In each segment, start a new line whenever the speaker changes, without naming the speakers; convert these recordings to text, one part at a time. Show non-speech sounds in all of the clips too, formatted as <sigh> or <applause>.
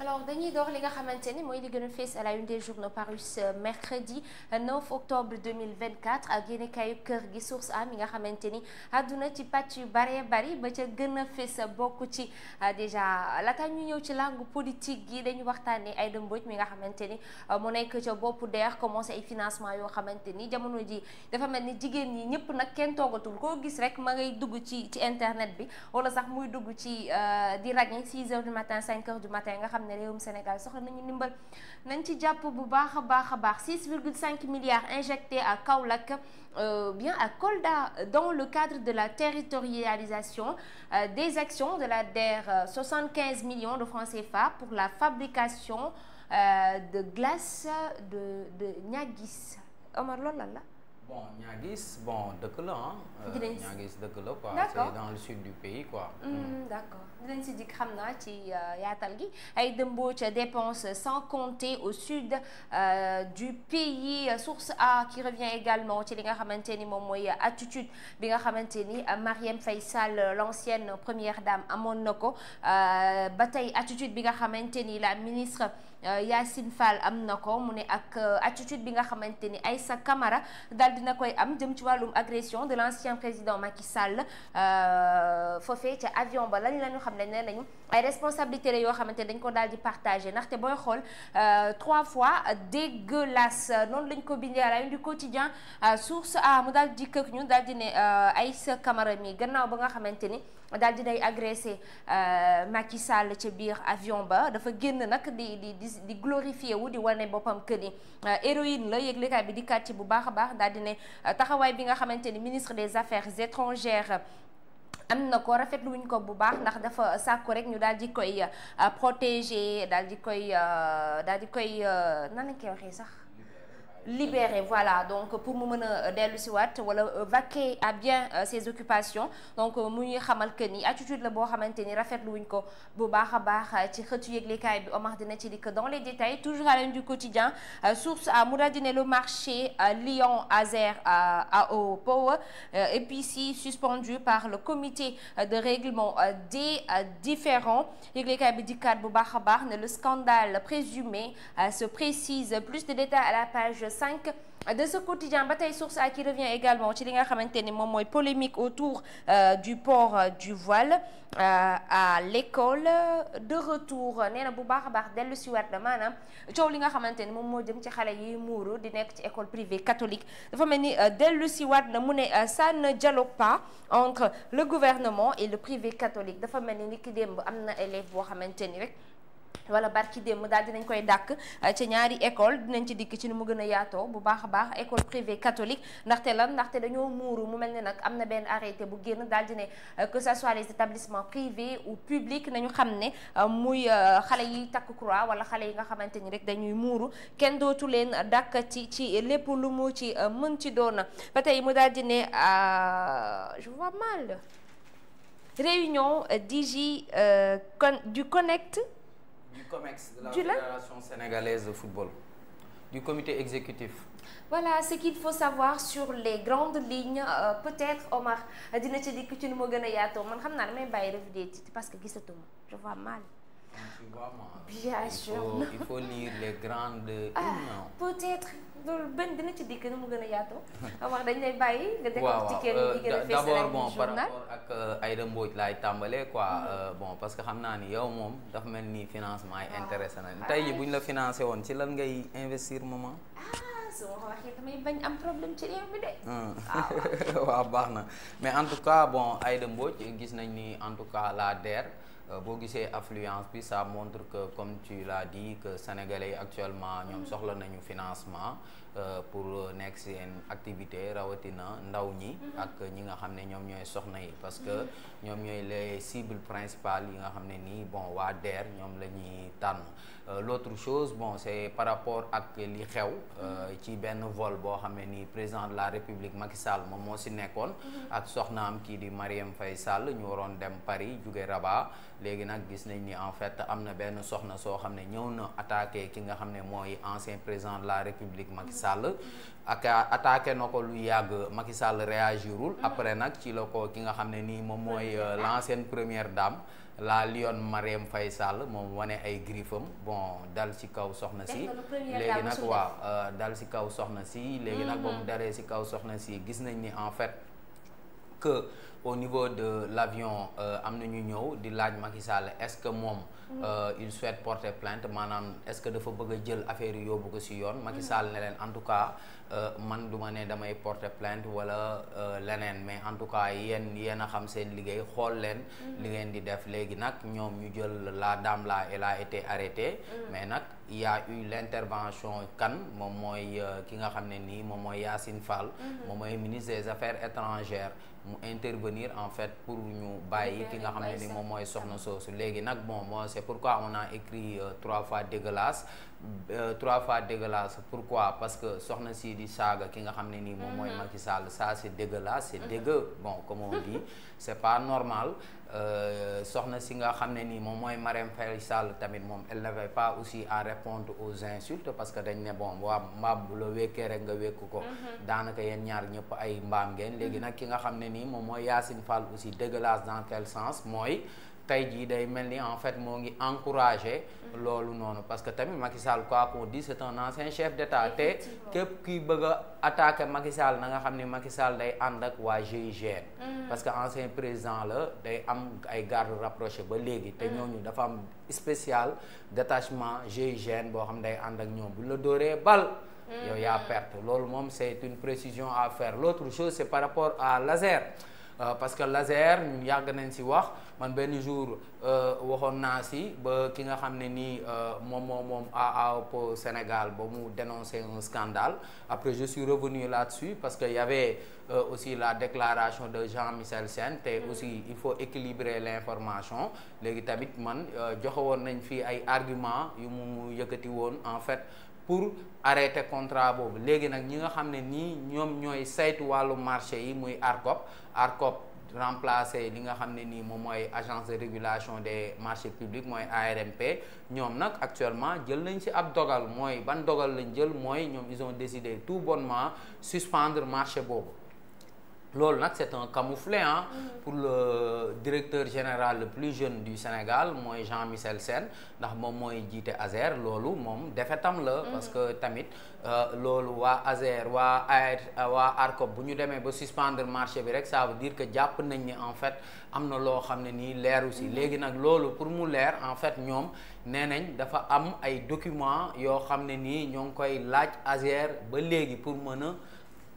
alors dañuy door li nga xamante ni mooy li gën a fees à la une des journaux parus mercredi 9 euh, octobre 2024 ak yenn kayu kër gi source am yi nga xamante ni àdduna ci pàcc yu baree bari ba ca gën a fees bokk ci euh, déjà laata ñu ñëw ci langue politique yi dañu waxtaanee ay Mbodj mi nga xamante euh, ni mu nekk ca boppu DER commencé ay financement yoo xamante ni jamono ji dafa mel ni jigéen ñi ñëpp nag kenn toogatul koo gis rek ma ngay dugg ci ci internet bi wala sax muy dugg ci di ràññee 6 heures du matin 5 heures du nga xam ne réewum Sénégal soxla nañu ndimbal nañ ci jàpp bu baax a baax a baax 6,5 milliards injectés à Kaolack euh, bien à Kolda dans le cadre de la territorialisation euh, des actions de la DER 75 euh, millions de francs fa pour la fabrication de glace de de ñaagis Omar
bon Niaguis bon dëkk la ah. Niaguis dëkk la quoi. d' accord c' est dans le sud du pays quoi. Hmm,
hmm. d' accord dinañ si dikk xam naa ci euh, yaatal gi ay dëmboo ca dépense sans compter au sud euh, du pays source A qui revient également ci li nga xamante ni moom mooy attitude bi nga xamante ni Marième Faye Sall l' ancienne première dame amoon na ko ba tey attitude bi nga xamante ni la ministre. Euh, Yacine Fall am na ko mu ne ak euh, attitude bi nga xamante ni ay sa kamara daal dina koy am jëm ci wàllum agression de l' ancien président Macky Sall euh, foofee ca avion ba lañ lañu xam ne nee nañu ay responsabilité la yoo xamante dañ ko daal di partagé ndaxte booy xool euh, trois fois dégueulasse noonu lañ ko bindee à la une du quotidien euh, source a mu daal di këkk ñu daal di ne euh, ay sa camara mi gannaaw ba nga xamante ni daal di day agressé Macky Sall ca biir avion ba dafa génn nag di di di di glorifié wu di wane boppam que ni héroïne la yëglekaay bi di kàcce bu baax a baax daal di ne taxawaay bi nga xamante ni ministre des affaires étrangères am na ko rafetlu wuñ ko bu baax ndax dafa sàkku rek ñu daal di koy euh, protéger daal di koy euh, daal di koy euh, nan lañ koy waxee sax libéré voilà donc pour mu mën a euh, dellu si waat wala euh, vaquer à bien euh, ses occupations donc mu ñuy xamal que ni attitude la boo xamante ni rafetlu wuñ ko bu baax a baax ci xëtu yëglekaay bi Omar dina ci dikk dans les détails toujours à l'une du quotidien source à mu daal di ne le marché Lyon Azer à eau power épicerie suspendu par le comité de règlement des différends yëglekaay bi dikkaat bu baax a baax ne le scandale présumé se précise plus de détails à la page 5 de ce quotidien ba tey source a qui revient également ci li nga xamante ni moom mooy polémique autour euh, du port euh, du voile euh, à l'école euh, de retour nee na bu baax a baax dellu si waat na maanaam coow li nga xamante ni moom moo jëm ci xale yi muuru di nekk ci école privée catholique dafa mel ni euh, dellu si waat na mu ne euh, ça ne dialogue pas entre le gouvernement et le privé catholique dafa mel ni ni ki démb am na élève boo xamante ni rek wala barki démb daal dinañ koy dàkk euh, ci ñaari école dinañ ci dikk ci ni mu gën a yaatoo bu baax a baax école privée catholique ndaxte lan ndaxte dañoo muuru mu mel ne nag am na benn arrêté bu génn daal di ne euh, que ça soit les établissements privés ou publics nañu xam ne euh, muy xale yi takk croix wala xale yi nga xamante ni rek dañuy muuru kenn dootu leen dàkk ci ci lépp lu mu ci mën ci doona ba tey mu daal di ne je vois mal réunion d'IJ du connect du
COMEX de la Fédération sénégalaise de football du comité exécutif.
voilà ce qu'il faut savoir sur les grandes lignes euh, peut-être Omar dina ci dikk ci nu ma gën yaatoo man xam naa damay bàyyi revue des parce que gisatuma je vois mal. bien sûr il <laughs> il
faut lire les grandes hymnes. Ah,
peut-être loolu benn dina ci dikk na mu gën a yaatoo. wax <laughs> dañ lay bàyyi nga décortiquer euh, ak
euh, Aïda Mbodj laay tàmbalee quoi mm. euh, bon parce que xam naa ni yow moom dafa mel ni financement yi ah, intéressé na ah, tey jii bu ñu la financé woon ci lan ngay investir maman.
waaw waxee damay bañ am problème ci réew mi de.
Mm. <laughs> waaw baax na mais en tout cas bon Aïda Mbodj gis nañ ni en tout cas la DER. Euh, boo gisee affluence bi sa montre que comme tu l'as dit que sénégalais actuellement ñoom mm. soxla nañu financement Euh, pour euh, nekk seen activité rawatina ndaw ñi ak ñi nga xam ne ñoom ñooy soxna yi parce que ñoom ñooy les cibles principales yi nga xam ne nii bon waa DER ñoom la ñuy tànn euh, l'autre chose bon c'est par rapport ak li xew ci benn vol boo xam ne nii président de la République Macky Sall moom moo si nekkoon ak soxnaam kii di Marième Faye Sall ñu waroon dem Paris juge Rabat léegi nag gis nañ ni en fait am na benn soxna soo xam ne ñëw na attaqué ki nga xam ne mooy ancien président la République Macky Sall ak attaqué na ko lu yàgg Macky Sall réagirul mm-hmm. après nag ci la ko ki nga xam ne nii moom mooy euh, mm-hmm. l'ancienne première dame la Lyon Marième Faye Sall moom wane ay griffam bon dal ci kaw soxna si léegi nag waaw euh, dal ci kaw soxna si léegi nag ba mu mm-hmm. daree ci kaw soxna si gis nañ ni en fait que au niveau de l'avion euh, am na ñu ñëw di laaj Macky Sall est-ce que moom mm-hmm. euh, il souhaite porte plainte maanaam est-ce que dafa bëgg jël affaire yi yóbbu ko ci yoon Macky mm-hmm. Sall ne leen en tout cas euh, man du ma ne damay porte plante wala leneen mais en tout cas yéen yéen a xam seen liggéey xool leen mm-hmm. li ngeen di def léegi nag ñoom ñu jël la dame là elle a été arrêtée mais nag y a intervention kan moom mooy ki nga xam ne nii moom mooy Yacine Fall moom mooy ministre des affaires mu intervenir en fait pour ñu bàyyi ki nga xam ne ni moom mooy soxna soosu léegi nag bon moi c'est pourquoi on naa écrit euh, trois fois dégueulasse Euh, trois fois dégueulasse pourquoi parce que soxna sii di saaga ki nga xam ne nii moom mooy mhm. Macky Sall ça c'est dégueulasse c'est mhm. dégueu bon comme on dit <laughs> pas normal euh, soxna si nga xam ne nii moom mooy Marème Faye Sall tamit moom elle n'avait pas aussi à répondre aux insultes parce que dañ ne bon waa mbaam bu la wékkee rek nga wékk ko mhm. daanaka yéen ñaar ñëpp ay mbaam ngeen léegi nag ki nga xam ne nii moom mooy Yacine Fall aussi dégueulasse dans quel sens mooy tey jii day mel ni en fait moo ngi encouragé loolu noonu parce que tamit Macky Sall quoi qu'on dise c'est un ancien chef d'état te képp kuy bëgg a attaqué Macky na nga xam ni Macky day ànd ak waa GIGN mm. parce que ancien président la day am ay garde rapproché ba léegi te mm. ñooñu dafa am spécial détachement GIGN boo xam day ànd ak ñoom bu la dooree bal yow yaa mm. perte loolu moom c'est une précision à faire l'autre chose c'est par rapport à laser Euh, parce que laser ñu yàgg nañ si wax man benn jour euh, waxoon naa si ba ki nga xam ne nii euh, moom moom a AAOP Sénégal ba mu dénoncer un scandale après je suis revenu là-dessus parce que y avait aussi la déclaration de Jean-Michel Sène te mm. aussi il faut équilibrer l'information léegi tamit man joxe woon nañ fii ay argument yu mu yëkkati woon en fait pour arrêter contrat boobu léegi nag ñi nga xam ne nii ñoom ñooy saytu wàllu marché yi muy ARCOP ARCOP remplacer li nga xam ne nii moom mooy agence de régulation des marché publics mooy ARMP ñoom nag actuellement jël nañ ci ab dogal mooy ban dogal lañ jël mooy ñoom ils ont décidé tout bonnement suspendre marché boobu loolu nag c'est un camouflet hein mm. pour le directeur général le plus jeune du Sénégal mooy Jean-Michel Sène ndax moom mooy jiite ASER loolu moom defetam la mm-hmm. parce que tamit euh, loolu waa ASER waa AR waa ARCOP bu ñu demee ba suspendre marché bi rek ça veut dire que jàpp nañ ni en fait am na loo xam ne nii leeru si mm-hmm. léegi nag loolu pour mu leer en fait ñoom nee nañ dafa am ay documents yoo xam ne nii ñoo ngi koy laaj ASER ba léegi pour mën a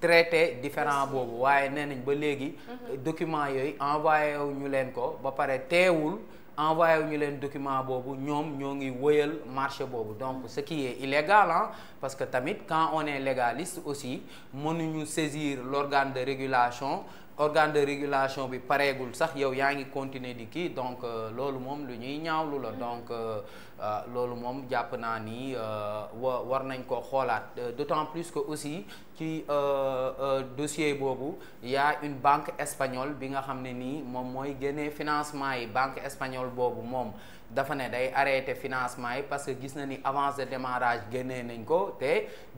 traité différent boobu waaye nee nañ ba léegi mhm. document yooyu envoyé wu ñu leen ko ba pare teewul envoyé wu ñu leen document boobu ñoom ñoo ngi woyal marché boobu donc mhm. ce qui est illégal parce que tamit quand on est légaliste aussi mënuñu saisir l'organe de régulation organe de régulation bi pareegul sax yow yaa ngi continuer di kii donc euh, loolu moom lu ñuy ñaawlu la mm-hmm. donc euh, euh, loolu moom jàpp naa ni wa war nañ ko xoolaat d'autant plus que aussi ci dossier boobu yaa une banque españole bi nga xam ne nii moom mooy génnee financement yi banque espagnole boobu moom dafa ne day arrêter financement yi parce que gis na ni avance de démarrage génnee nañ ko te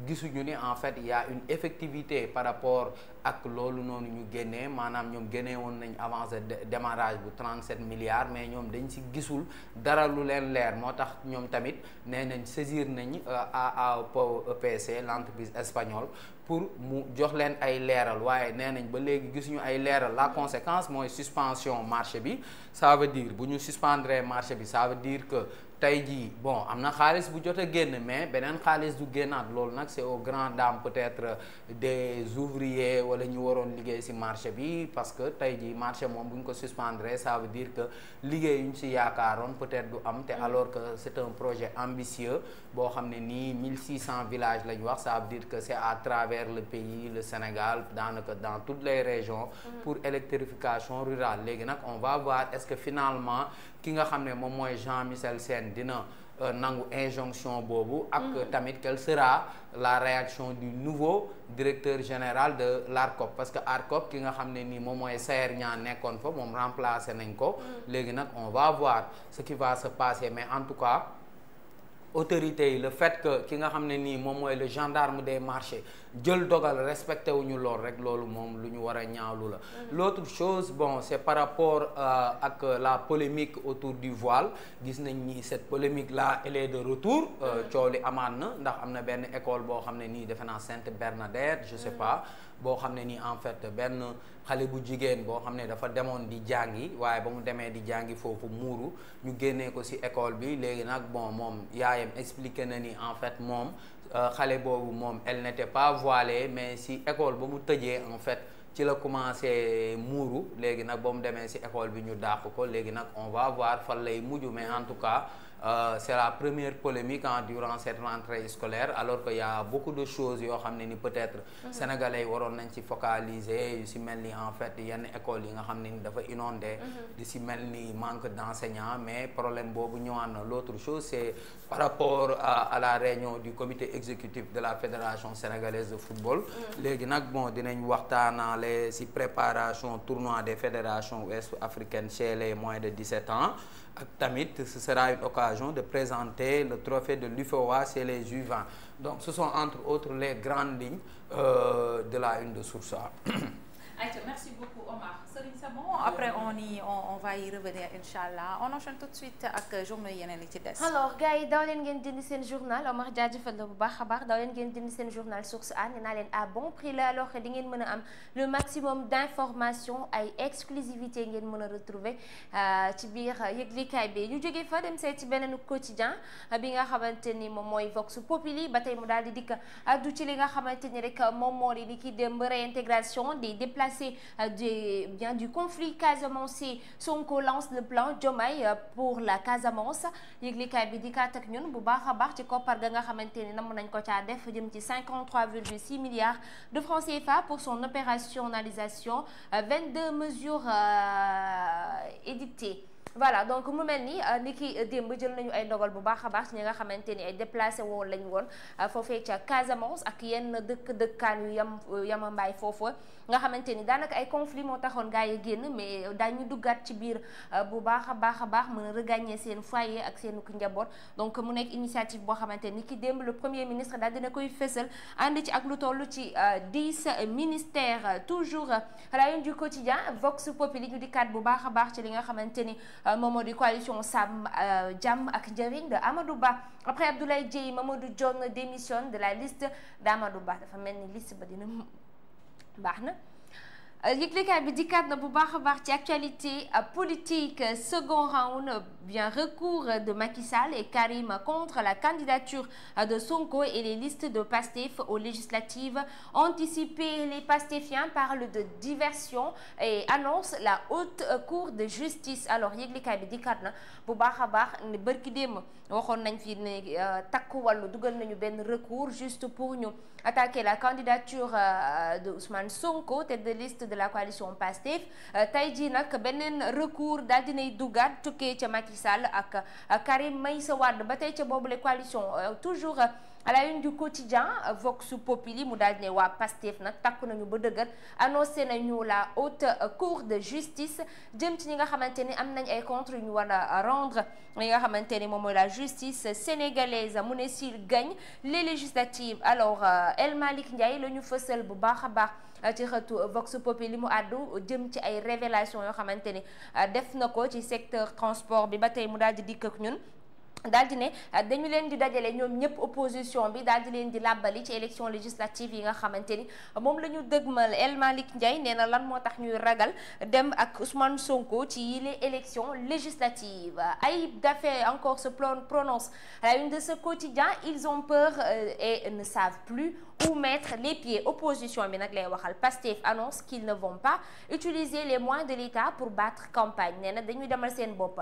gisuñu ni en fait y a une effectivité par rapport ak loolu noonu ñu génnee maanaam ñoom génnee woon nañ avancé démarrage bu 37 milliards mais ñoom dañ si gisul dara lu leen leer moo tax ñoom tamit nee nañ saisir nañ euh, AAPC e l'entreprise espagnole pour mu jox leen ay leeral waaye nee nañ ba léegi gisuñu ay leeral la conséquence mooy suspension marché bi ça veut dire bu ñu suspendre marché bi ça veut dire que tey jii bon am na xaalis bu jot a génn mais beneen xaalis du génnaat loolu nag c'est aux grandes dames peut-être des ouvriers wala ñu waroon liggéey si marché bi parce que tey jii marché moom bu ñu ko suspendre ça veut dire que liggéey yu ñu si yaakaaroon peut-être du am te mm. alors que c'est un projet ambitieux boo xam ne nii 1600 villages la ñu wax ça veut dire que c'est à travers le pays le Sénégal daanaka dans toutes les régions mm. pour électrification rurale léegi nag ki nga xam ne moom mooy Jean Michel Sène dina euh, nangu injonction boobu ak mm-hmm. tamit quelle sera la réaction du nouveau directeur général de l'ARCOP parce que ARCOP ki nga xam ne nii moom mooy Sayer Niang nekkoon fa moom remplacé nañ ko mm-hmm. léegi nag on va voir ce qui va se passer mais en tout cas autorité yi la fait que ki nga xam ne nii moom mooy le gendarme des marché jël dogal respecté wuñu lool rek loolu moom lu ñu war a ñaawlu la mm. l'autre chose bon c'est par rapport euh, ak la polémique autour du voile gis nañ ni cette polémique là elle est de retour euh, mm. coow li amaan na ndax am na benn école boo xam ne nii defe naa Sainte Bernadette je sais mm. pas boo xam ne nii en fait benn xale bu jigéen boo xam ne dafa demoon di jàngi waaye ba mu demee di jàngi foofu muuru ñu génnee ko ci école bi léegi nag bon moom yaayam expliquer na ni en fait moom euh, xale boobu moom elle n'était mais ci école ba mu tëjee en fait ci la commencé muuru léegi nag ba mu demee ci école bi ñu dàq ko léegi nag on va voir fan lay mujj mais en tout cas Euh, c'est la première polémique en durant cette rentrée scolaire alors que y a beaucoup de choses yoo xam ne ni peut-être mm -hmm. yi waroon nañ ci focaliser yu si mel ni en fait yenn école yi nga xam ne ni dafa inondé mhm. di si mel ni manque d'enseignants mais problème boobu ñëwaan na l'autre chose c'est par rapport à, la réunion du comité exécutif de la fédération sénégalaise de football mhm. léegi nag bon dinañ waxtaanaale si préparation tournoi des fédérations ouest africaines chez les moins de 17 ans ak tamit ce sera une occasion de présenter le trophée de l'UFOA chez les Juvins donc ce sont entre autres les grandes lignes euh, de la une de Source A <clears throat>
ayca merci beaucoup Omar Serigne c'est bon après on y revenir incha allah on enchaîne tout de suite ak journaux yeneen yi ci des. alors gars daw leen ngeen jënd seen journal Omar jaajëfal la bu baax a baax daw leen ngeen dindi seen journal source a nee naa leen à bon prix la alors di ngeen mën a am le maximum d'information ay exclusivité ngeen mën a retrouver euh, ci biir yëglikaay bi ñu jógee fa dem seet ci beneen quotidien euh, bi nga xamante ni moom mooy Vox Populi ba tey mu daal di dikk addu ci li nga xamante ni rek moom moo di ki dem réintégration des déplacés déplacés euh, des, bien, du conflit casamancé Sonko lance le plan Diomaye euh, pour la Casamance yëglikaay bi di kaat ak ñun bu baax a baax ci koppar ga nga xamante ni namm nañ ko caa def jëm ci 53,6 milliards de francs CFA pour son opérationnalisation 22 euh, mesures édictées voilà donc mu mel ni euh, ni ki euh, démb jël nañu ay ndogal bu baax a baax ci ñi nga xamante ni ay déplacé woon lañ woon euh, foofee ca Casamance ak yenn dëkk dëkkaan yu yam yamambaay foofa nga xamante ni daanaka ay conflit moo taxoon gaa yi génn mais ñu duggaat ci biir bu baax a baax a baax mën a regagner seen foyer ak seen njaboot donc mu nekk initiative boo xamante ni ki démb le premier ministre daal dina koy fësal ànd ci ak lu tollu ci dix ministères toujours la une du quotidien Vox Populi ñu dikkaat bu baax a baax ci li nga xamante ni moom moo di coalition Sàmm euh, Jàmm ak Njëriñ de Amadou Ba après Abdoulaye Dièye Mamadou Dione démissionne de la liste d'Amadou Ba dafa mel ni liste ba dina baax na Euh, yëglekaay bi dikkaat na bu baax a baax ci actualité euh, politique euh, second round bien recours de Macky Sall et Karim contre la candidature de Sonko et les listes de Pastef aux législatives anticipées les Pastefiens parlent de diversion et annoncent la haute cour de justice alors yëglekaay bi dikkaat na bu baax a baax ne bërki démb waxoon nañ fi ne takku wàllu dugal nañu benn recours juste pour ñu attaqué la candidature euh, de Ousmane Sonko tête de liste de la coalition PASTEF euh, tey jii nag beneen recours daal dinay dugaat tukkee ca Macky Sall ak euh, Karim Meïssa Wade ba tey ca le coalition toujours à la une du quotidien Vox Populi mu daal di ne waa Pastef nag takku nañu ba dëgër annoncé nañu la haute cour de justice jëm ci ñi nga xamante ni am nañ ay contre ñu war a rendre li nga xamante ni moom mooy la justice sénégalaise mu ne s'il gagne les législatives alors euh, El Malick Ndiaye la ñu fësal bu baax a baax euh, ci xëtu Vox Populi li mu àddu jëm ci ay révélation yoo xamante ni euh, def na ko ci secteur transport bi ba tey mu daal di dikk ak ñun daal di ne dañu leen di dajale ñoom ñëpp opposition bi daal di leen di làbbali ci élection législative yi nga xamante ni moom la ñu mal El Malick Ndiaye nee na lan moo tax ñuy ragal dem ak Ousmane Sonko ci yile élection législative ay Daffé encore se prononce à la une de ce quotidien ils ont peur euh, et ne savent plus où mettre les pieds opposition bi nag lay waxal Pastef annonce qu'ils ne vont pas utiliser les moyens de l'État pour battre campagne nee na dañuy demal seen bopp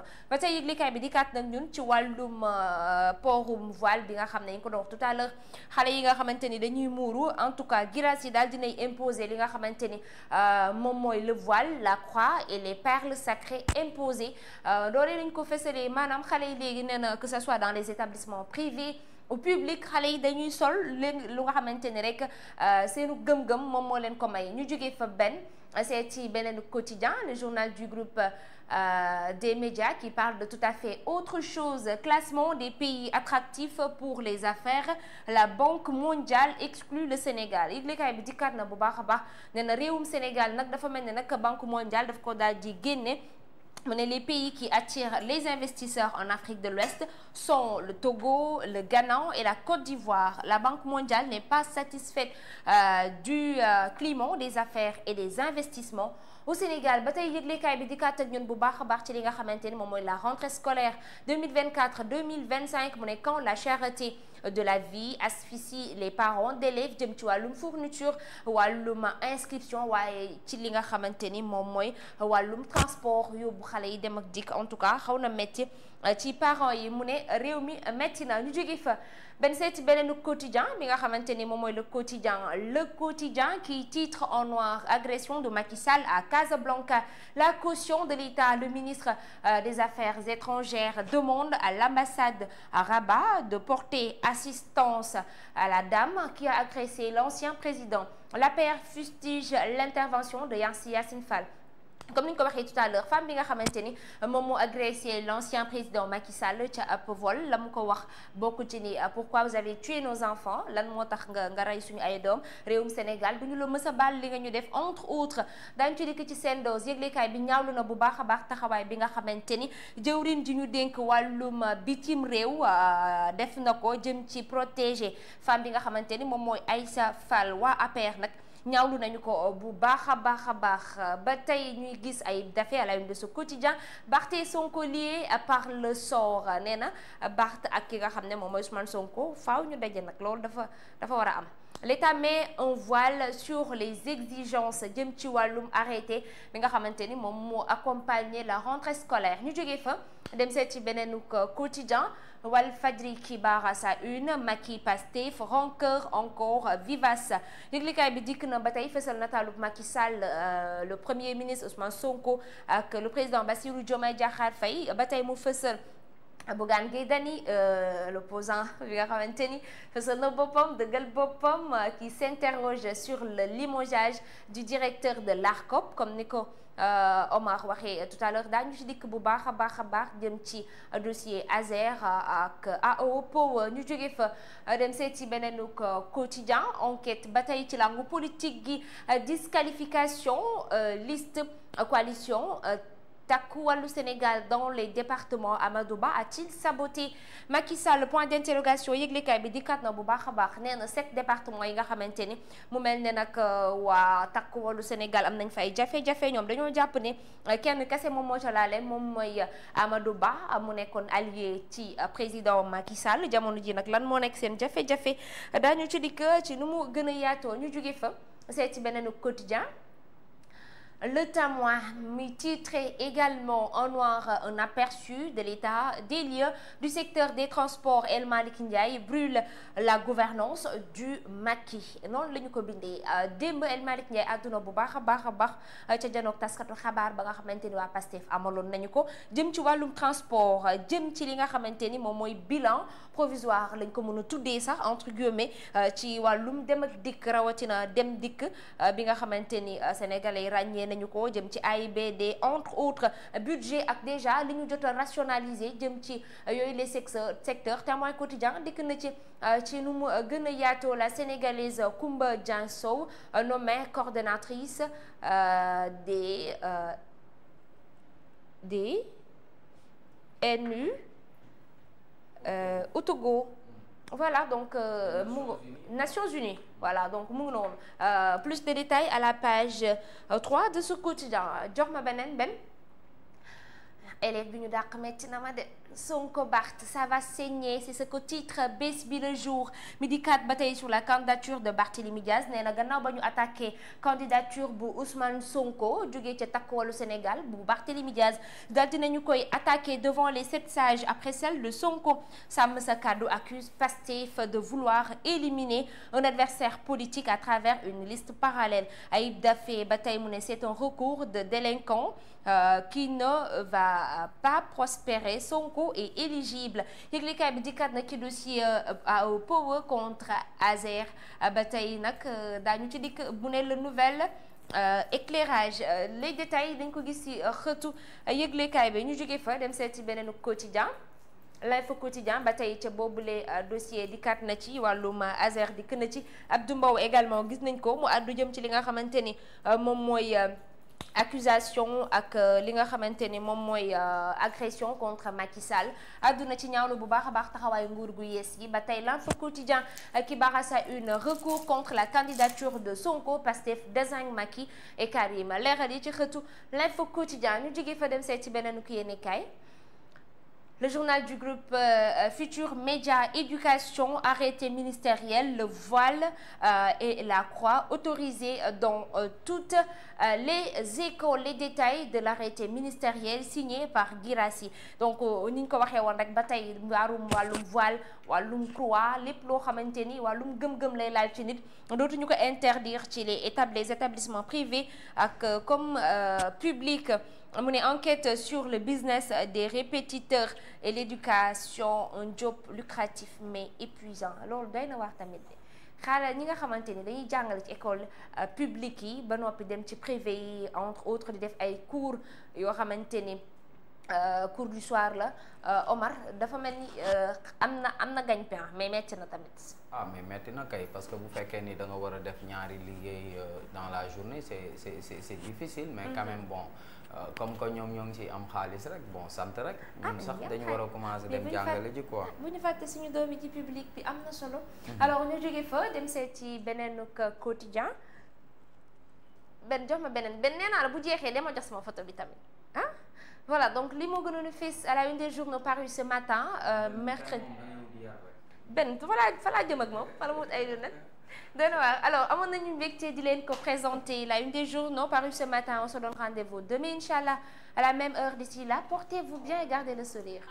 mbirum euh, porum voile bi nga xam ne ñu ko doon wax tout à l'heure xale yi nga xamante ni dañuy muuru en tout cas grâce yi daal dinay imposer li nga xamante ni euh, moom mooy le voile la croix et les perles sacrées imposées euh, doole lañ ko fësalee maanaam xale yi léegi nee na que ce soit dans les établissements privés au public xale yi dañuy sol lu nga xamante ni rek seenu gëm-gëm moom moo leen ko may ñu jógee fa benn a ci beneen quotidien le journal du groupe euh, des médias qui parlent de tout à fait autre chose. Classement des pays attractifs pour les affaires la Banque mondiale exclut le Sénégal yëglekaay bi dikkaat na bu baax a baax nee na réewum Sénégal nag dafa mel ne nag Banque mondiale daf ko daal di génne. mu ne les pays qui attirent les investisseurs en Afrique de l'Ouest sont le Togo le Ghana et la Côte d'Ivoire la Banque mondiale n'est pas satisfaite euh, du euh, climat des affaires et des investissements au Sénégal ba tey yëglekaay bi dikkaat ak ñun bu baax a baax ci li nga xamante ni moom mooy la rentrée scolaire 2024 2025 mu ne quand la charité de la vie asphyxie les parents d'élèves jëm ci wàllum fourniture wàllum inscription waaye ci li nga xamante ni moom mooy wàllum transport yóbbu xale yi dem ak dikk en tout cas xaw na métti euh, ci parents yi mu ne réew mi métti na ñu jóge fa benn seet beneen quotidien bi nga xamante ni moom mooy le quotidien le quotidien qui titre en noir agression de Macky Sall à Casablanca la caution de l'État le ministre euh, des Affaires étrangères demande à l'ambassade à Rabat de porter assistance à la dame qui a agressé l'ancien président. L'APR fustige l'intervention de Yancy Yassine comme ni ñu ko waxee tout à l'heure femme bi nga xamante ni moom moo agressé l'ancien président Macky Sall ca ab vol la mu ko wax bokk ci ni pourquoi vous avez tué nos enfants lan moo tax nga nga rey suñu ay doom réewum Sénégal du ñu la mës a baal li nga ñu def entre autres daañu ci dikk ci seen dose yëglekaay bi ñaawlu na bu baax a baax taxawaay bi nga xamante ni jëwrin ji ñu dénk wàllum bitim réew euh, def na ko jëm ci protéger femme bi nga xamante ni moom mooy Aïssa Fall waa APR nag ñaawlu nañu ko euh, bu baax a baax a baax ba tey ñuy gis ay dafee à la une de ce quotidien Barthé Sonko lié par le sort nee na Barth ak ki nga xam ne moom mooy Ousmane Sonko faaw ñu daje nag loolu dafa dafa war a am l'État mais un voile sur les exigences jëm ci wàllum arrêté bi nga xamante ni moom moo accompagner la rentrée scolaire ñu jógee fa dem se ci beneenuk quotidien Walf Fadjri xibaar à sa une Macky Pastef rancœur encore vivace yëglikaay bi dikk na ba tey fësal nataalub sal Sall euh, le premier ministre Ousmane Sonko ak le président Bassirou Diomaye Diakhar Faye ba tey mu fësal Bougane Gueye Dany eh, l'opposant bi nga xamante ni fësal na boppam dëggal boppam qui s'interroge sur le limogeage du directeur de l'ARCOP comme ni ko euh, Omar waxee tout à l'heure daañu ci dikk bu baax a baax a baax jëm ci dossier ASER euh, ak AO POW euh, ñu jóge fa dem seet ci beneen quotidien enquête ba tey ci langue politique gi disqualification liste coalition takku wàllu Sénégal dans les départements Amadou Ba a-t-il saboté Macky Sall point d'interrogation yëglekaay bi dikkaat na bu baax a baax nee na sept départements yi nga xamante ni mu mel ne nag euh, waa takku wàllu Sénégal am nañ fay jafe-jafe ñoom dañoo jàpp ne euh, kenn kese moom moo ca laale moom mooy euh, Amadou Ba mu nekkoon allié ci président Macky Sall jamono ji nag lan moo nekk seen jafe-jafe daañu ci dikk ci nu mu gën a yaatoo ñu jóge fa seet ci beneen quotidien Le témoin m'y titre également en noir un aperçu de l'état des lieux du secteur des transports El Malick Ndiaye brûle la gouvernance du maquis noonu la ñu ko bindee démb El Malick Ndiaye àdduna bu baax a baax a baax ca janoog taskatu xabaar ba nga xamante ni waa Pastef amaloon nañu ko jëm ci wàllum transport jëm ci li nga xamante ni moom mooy bilan provisoire lañ ko mën a tuddee sax entre guillemets ci wàllum dem ak dikk rawatina dem dikk bi nga xamante ni euh, sénégalais ràññee nañu ko jëm ci AIBD entre autres budget ak déjà li ñu jot a rationaliser jëm ci euh, yooyu les euh, secteurs témoin quotidien dikk na ci euh, ci nu mu gën a yaatoo la sénégalaise Koumba Dieng Sow nommée coordonnatrice des des NU au Togo voilà donc mu Nations Unies voilà donc mu ngi noonu euh, plus de détails à la page 3 euh, de ce quotidien jox ma beneen benn élève bi ñu dàq metti na ma de. Sonkobat, ça va saigner c'est ce que titre bés bi le jour midi 4 ba tey sur la candidature de Barthélémy Diaz nee na gannaaw ba ñu attaqué candidature bu Ousmane Sonko jógee ca Takku Wallu Sénégal bu Barthélémy Diaz daal dinañu koy attaqué devant les sept sages après celle de Sonko Sàmm Sa Kàddu accuse Pastef de vouloir éliminer un adversaire politique à travers une liste parallèle Ayib Daffé ba tey mu ne c'est un recours de délinquant euh, qui ne va pas prospérer Sonko est éligible yëglekaay bi dikkat na ci dossier euh, Power contre Azer euh, ba tey nag euh, daañu ci dikk bu ne la nouvelle éclairage les détails dañ ko gis ci xëtu yëglekaay bi ñu jóge fa dem seeti beneen quotidien L'Info Quotidien ba tey ca boobule dossier dikkaat na ci wàllum Azer dikk na ci Abdou Mbow également gis nañ ko mu àddu jëm ci li nga xamante ni moom mooy accusation ak euh, li nga xamante ni moom mooy euh, agression contre Macky Sall àdduna ci ñaawlu bu baax a baax taxawaayu nguur gu yees gi ba tey l'info quotidien qui euh, barassa une recours contre la candidature de Sonko Pastef désigne Macky et Karim leeral yi ci xëtu l'info quotidien ñu jege fa dem seet ci beneen ku yéene Le journal du groupe euh, euh, Futur Média Éducation, arrêté ministériel, le voile euh, et la croix autorisés dans euh, toutes euh, les écoles. Les détails de l'arrêté ministériel signé par Guirassi. Donc euh, ni ñu ko waxee woon rek ba tey waarum wàllum voile wàllum croix lépp loo xamante ni wàllum gëm-gëm lay laal ci nit dootuñu ko interdire ci les établissements privés ak comme public. mu ne enquête sur le business des répétiteurs et l'éducation un job lucratif mais épuisant loolu doy na wax tamit xaaral ñi nga xamante ni dañuy jàngale ci école euh, publique yi ba noppi dem ci privé yi entre autres di def ay cours yoo xamante ni Euh, cours du soir la euh, Omar dafa mel ni euh, am na am na gagne-pain mais metti na tamit.
ah mais metti na kay parce que bu fekkee nii da nga war a def ñaari liggéey dans la journée c'est c'est c'est c'est difficile. mais quand mhm. bon comme que ñoom ñoo ngi ciy am xaalis rek bon sant rek. Ah, ñun sax dañu war a commencer dem jàngale ji quoi.
bu ñu fàtte suñu doomi ci public bi am na solo. Mhm. alors ñu jóge fa dem seet ci beneen quotidien benn jox ma beneen benn nee la bu jeexee dama jox sama photo bi voilà donc li moo gënoon a à la une des journaux parus ce matin euh, mercredi ben voilà fa laa jëm ak moom fala ay lunette doona waar alors amoon nañu mbégte di leen ko présenter la une des journaux parus ce matin on se donne rendez-vous demain inchallah à la même heure d'ici portez-vous bien et gardez le sourire